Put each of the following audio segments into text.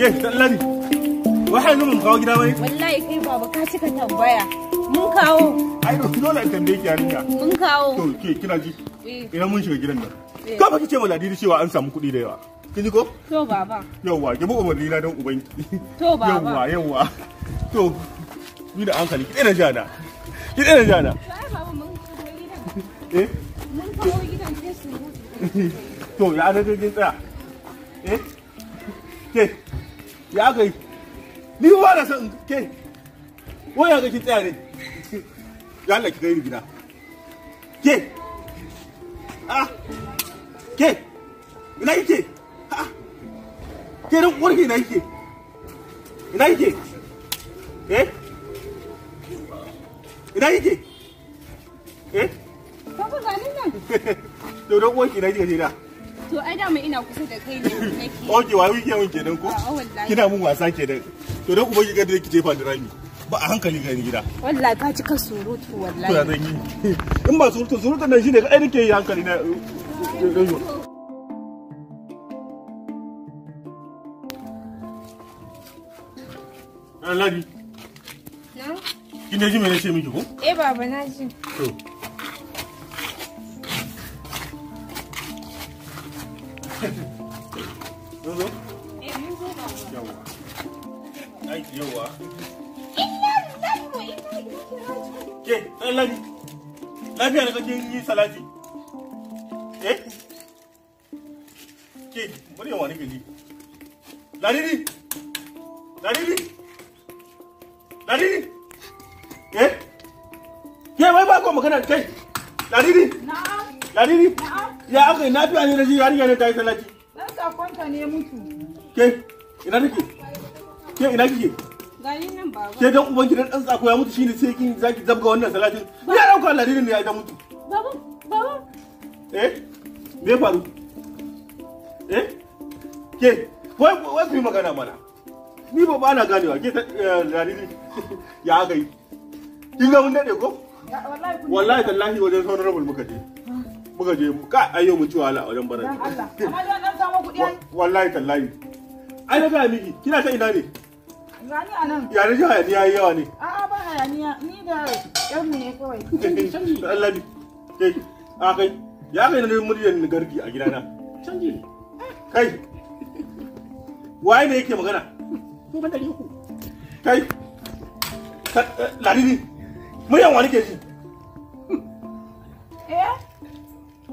Ke Ladi. Wahai nan mun kawo gida bane? Wallahi kai baba ka cika tambaya. Mun kawo. Ai dole in tambaye ki yarinya. Mun kawo. To ke kina ji? Eh. Idan mun shiga gidan nan. Eh. Ka fa kice ma didi cewa an samu kuɗi da yawa. Kin ji ko? To baba. Yawwa, ki bi umarni na dan ubanki. To baba. Yawwa, yawwa. To ni da hankali ki daina jana. Ki daina jana. Ai baba gidan. Eh? Mun kawo gidan ke su. To ya da kin tsaya. Eh? Ke ya aka yi ni ba da san ke waya ga ki tsaya ne ya Allah ki kai ni gida ke ah ke ina yake ah ke ran uwar ki ina kike ina yake eh ina yake eh Papa, ba ni nan. To, don uwar na yake ne da. To ai dama ina kusa da kai ne nake. Oke wai wike mun kenan ko? Ah, Kina mun wasa kenan. To dan ubangi kada ki jefa da rami. Ba a hankali ga gida. Wallahi ka cika surutu wallahi. To ya zan yi. In ba surutu surutu nan shine kai nake yi hankali na. Eh, Ladi. Na? Kin ji me nace miki ko? Eh baba na ji. Dodo? Eh, mun zo da Yawwa. Ai, yawwa. Ke, ɗan lami. Lafiya na kake yi eh? Ke, bari yawa nake ji. Lariri! Lariri! Lariri! Eh? Ke, wai ba ko kai? Lariri! Lariri! ya aka yi nafiya ne da ji yarinya ne ta yi talaki ka ne mutu ke ina nake ke ina kike gani nan baba ke dan uban gidan dan tsako ya mutu shine sai kin zaki zabga wannan salatin ya dauka Allah dinin ne ya da mutu baba baba eh me faru eh ke wai wai ku magana mana ni ba ana ganewa ke jariri eh, ya aka yi kin ga mun dade ko wallahi tallahi wajen honorable muka je muka je ka ai mu mun ci wahala a wajen bara dan Allah amma da nan samu kuɗi ai wallahi tallahi ai ga miki kina ta ina ne gani anan ya ne hayaniya yayi yawa ne a'a ba hayaniya ni da yan mu ne kawai Allah ne kai a kai ya kai ne muryan garki a gidana canji kai waye ne yake magana ko ban dari uku kai eh, ladini muryan wani ke ji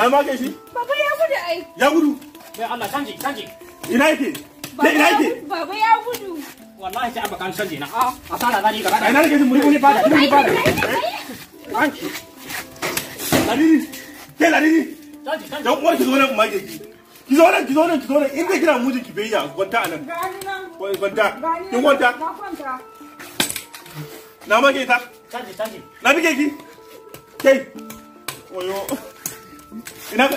Na mage shi? Baba ya gudu ai. Ya gudu? Bai Allah canji canji. Ina yake? Da ina yake? Baba ya gudu. Wallahi sai abakan canji na. A ah, asara zani gaba. Ai na rike muri muri fada, muri fada. An. Ladidi. Ke ladidi. Canji canji. Dan uwar ki zo nan mage ki. Ki zo nan ki zo nan ki zo nan inda kina mujin ki bayya kwanta anan. Gani nan. Kwanta. Ki kwanta. Na ma ke ta. Canji canji. Na rike ki. Kai. Oyo. ina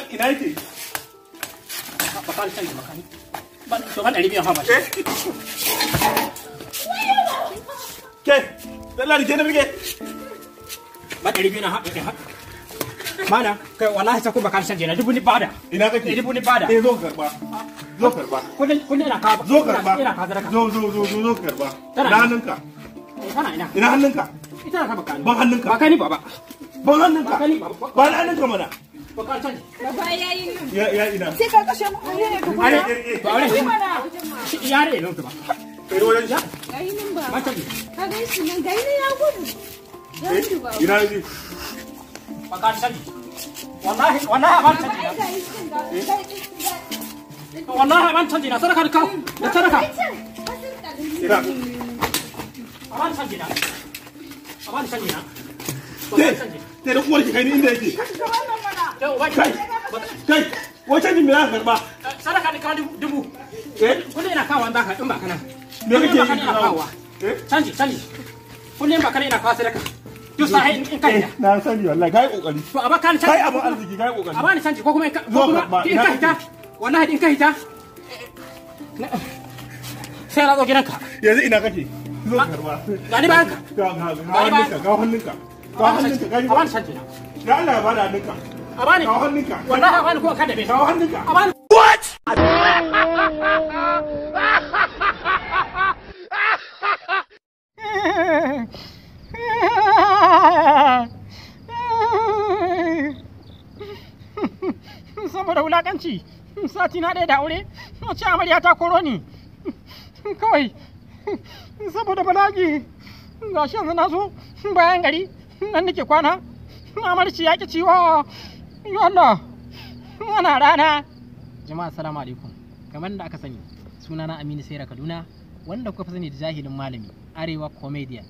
mana kai wallahi ta kuma kan dubu ni bada ina kake dubu ni bada eh zo karba zo karba kudin kudin na ka zo karba ina zo zo zo zo karba ina hannunka kana eh, ina ina hannunka ita na ka bakani ban hannunka bakani baba ban hannunka bakani baba hannunka mana Bakatan. ya yi nan. Ya ya ina. Sai ka kashe mu na. Wallahi ban canji Da sadaka. Ina. Ban canji na. Ban da kuwar ki kai ni inda yake. kai kai wace jin mila karba sadaka ne ka dubu eh? kullum ina kawo in baka in baka nan me kake yi ina kawo eh? canji canji kullum baka ina kawo sadaka duk sa hai in kai eh, na sani wallahi kai kokari to a baka ni canji kai abu arziki kai kokari a bani canji ko kuma ko kuma in ka hita wallahi in ka hita sai na zo gidanka yanzu ina kake zo karba ga ni bayanka ga hannunka ga hannunka ga hannunka ga hannunka ga hannunka ga hannunka a bani kawo hannunka wallahi a bani ko ka dabe kawo a what saboda wulakanci sati na ɗaya da aure wacce amarya ta koro ni kawai saboda balagi gashi yanzu zo bayan gari nan nake kwana amarci ya ki ciwo Yana Wana rana Jama'a assalamu alaikum kamar da aka sani sunana Aminu Saira Kaduna wanda kuka fi sani da jahilin malami Arewa comedian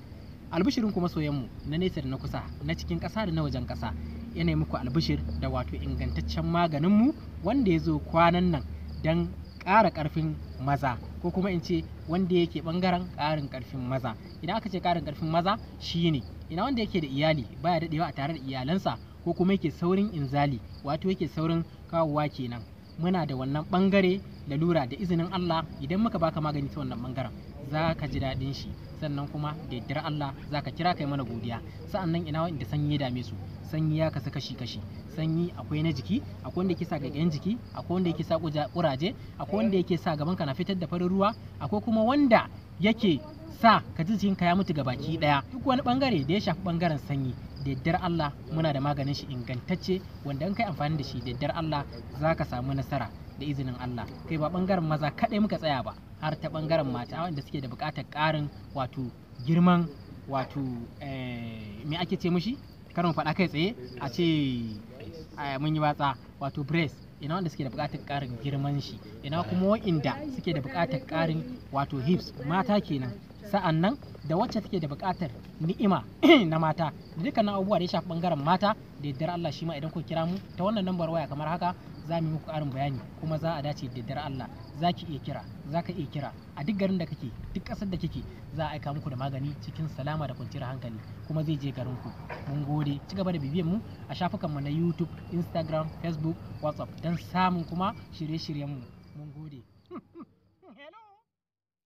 albishirin kuma mu na nesa da na kusa na cikin ƙasa da na wajen ƙasa yana muku albishir da wato ingantaccen maganin mu wanda ya zo kwanan nan dan ƙara ƙarfin maza ko kuma in ce wanda yake bangaren ƙarin ƙarfin maza idan aka ce ƙarin ƙarfin maza shine ina wanda yake da iyali baya dadewa a tare da iyalansa ko kuma yake saurin inzali wato yake saurin kawowa kenan muna da wannan bangare lalura da izinin Allah idan muka baka magani ta wannan bangaren za ka ji daɗin shi sannan kuma da yaddar Allah za ka kira kai mana godiya sa'annan ina wanda sanyi ya dame su sanyi ya kasu kashi kashi sanyi akwai na jiki akwai wanda yake sa gagayen jiki akwai wanda yake sa kuraje akwai wanda yake sa gaban ka na fitar da farin ruwa akwai kuma wanda yake sa ka ji jikinka ya mutu ga baki daya duk wani bangare da ya shafi bangaren sanyi da Allah muna da maganin shi ingantacce wanda in kai amfani da shi da yaddar Allah za ka samu nasara da izinin Allah kai ba bangaren maza kaɗai muka tsaya ba har ta bangaren mata wanda suke da buƙatar ƙarin wato girman wato eh, me ake ce mushi karin faɗa kai tsaye a ce eh, mun yi watsa wato breast ina wanda suke da buƙatar ƙarin girman shi ina kuma wa'inda suke da buƙatar ƙarin wato hips mata kenan sa'an nan da wacce take da bukatar ni'ima na mata da dukkanin abubuwa da ya shafi bangaren mata da yaddar Allah shi ma idan ku kira mu ta wannan lambar waya kamar haka za mu yi muku karin bayani kuma za a dace da yaddar Allah za ki iya kira za ka iya kira a duk garin da kake duk ƙasar da kake za a aika muku da magani cikin salama da kwanciyar hankali kuma zai je garin ku mun gode ci gaba da bibiyan mu a shafukanmu na YouTube Instagram Facebook WhatsApp don samun kuma shirye-shiryen mu